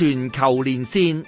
全球連線，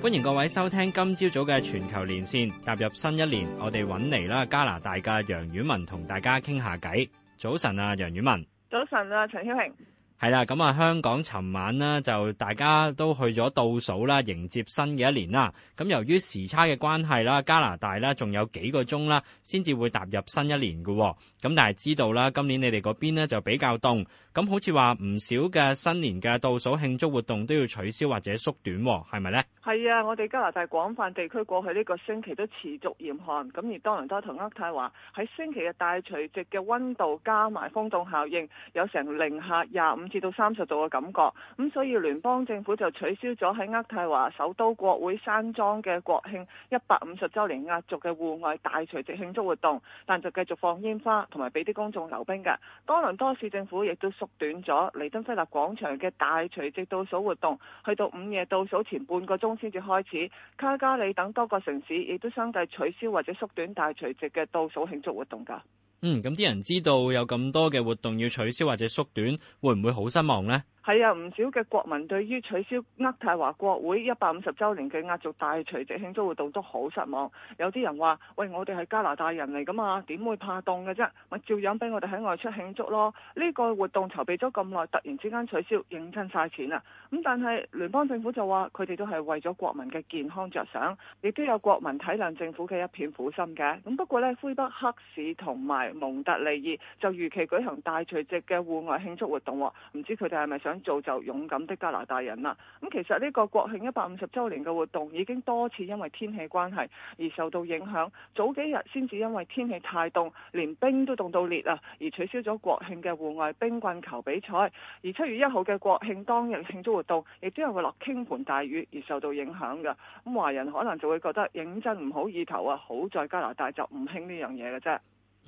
歡迎各位收聽今朝早嘅全球連線。踏入新一年，我哋搵嚟啦，加拿大嘅楊婉文同大家傾下偈。早晨啊，楊婉文。早晨啊，陳曉慶。係啦，咁啊香港，尋晚呢，就大家都去咗倒數啦，迎接新嘅一年啦。咁由於時差嘅關係啦，加拿大呢仲有幾個鐘啦，先至會踏入新一年噶。咁但係知道啦，今年你哋嗰邊呢，就比較凍，咁好似話唔少嘅新年嘅倒數慶祝活動都要取消或者縮短，係咪呢？係啊，我哋加拿大廣泛地區過去呢個星期都持續嚴寒，咁而多倫多同渥太華喺星期日大除夕嘅溫度加埋風凍效應，有成零下廿五，至到三十度嘅感覺，咁所以聯邦政府就取消咗喺渥太華首都國會山莊嘅國慶一百五十週年壓軸嘅戶外大除夕慶祝活動，但就繼續放煙花同埋俾啲公眾溜冰嘅。多倫多市政府亦都縮短咗彌敦菲臘廣場嘅大除夕倒數活動，去到午夜倒數前半個鐘先至開始。卡加里等多個城市亦都相繼取消或者縮短大除夕嘅倒數慶祝活動㗎。嗯，咁啲人知道有咁多嘅活動要取消或者縮短，會唔會好失望咧？係啊，唔少嘅國民對於取消渥太華國會一百五十週年嘅壓軸大除夕慶祝活動都好失望。有啲人話，喂，我哋係加拿大人嚟噶嘛，點會怕凍嘅啫？咪照樣俾我哋喺外出慶祝咯。呢個活動籌備咗咁耐，突然之間取消，認真晒錢啦。咁但係聯邦政府就話，佢哋都係為咗國民嘅健康着想，亦都有國民體諒政府嘅一片苦心嘅。咁不過呢，魁北克市同埋蒙特利爾就如期舉行大除夕嘅戶外慶祝活動，唔知佢哋係咪想？做就勇敢的加拿大人啦！咁其實呢個國慶一百五十週年嘅活動已經多次因為天氣關係而受到影響。早幾日先至因為天氣太凍，連冰都凍到裂啊，而取消咗國慶嘅戶外冰棍球比賽。而七月一號嘅國慶當日慶祝活動，亦都係會落傾盆大雨而受到影響嘅。咁華人可能就會覺得認真唔好意頭啊，好在加拿大就唔興呢樣嘢嘅啫。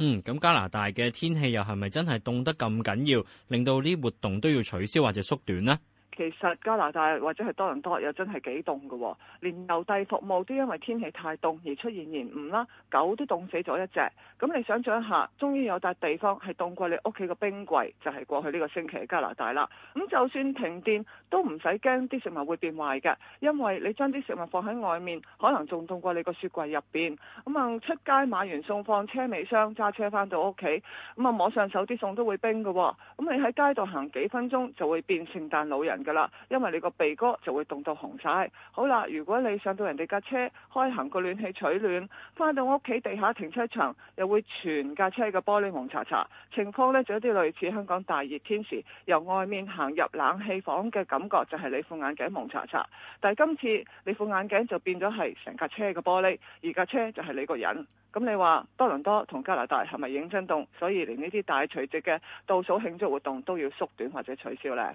嗯，咁加拿大嘅天氣又係咪真係凍得咁緊要，令到呢啲活動都要取消或者縮短呢？其實加拿大或者係多倫多又真係幾凍嘅，連郵遞服務都因為天氣太凍而出現延誤啦，狗都凍死咗一隻。咁你想像一下，終於有笪地方係凍過你屋企個冰櫃，就係過去呢個星期嘅加拿大啦。咁就算停電都唔使驚啲食物會變壞嘅，因為你將啲食物放喺外面，可能仲凍過你個雪櫃入邊。咁啊，出街買完餸放車尾箱，揸車返到屋企，咁啊，摸上手啲餸都會冰嘅喎。咁你喺街度行幾分鐘就會變聖誕老人。因為你個鼻哥就會凍到紅晒。好啦，如果你上到人哋架車開行個暖氣取暖，返到屋企地下停車場又會全架車嘅玻璃蒙查查。情況呢，就有啲類似香港大熱天時由外面行入冷氣房嘅感覺，就係你副眼鏡蒙查查。但係今次你副眼鏡就變咗係成架車嘅玻璃，而架車就係你個人。咁你話多倫多同加拿大係咪認真凍？所以連呢啲大除夕嘅倒數慶祝活動都要縮短或者取消呢？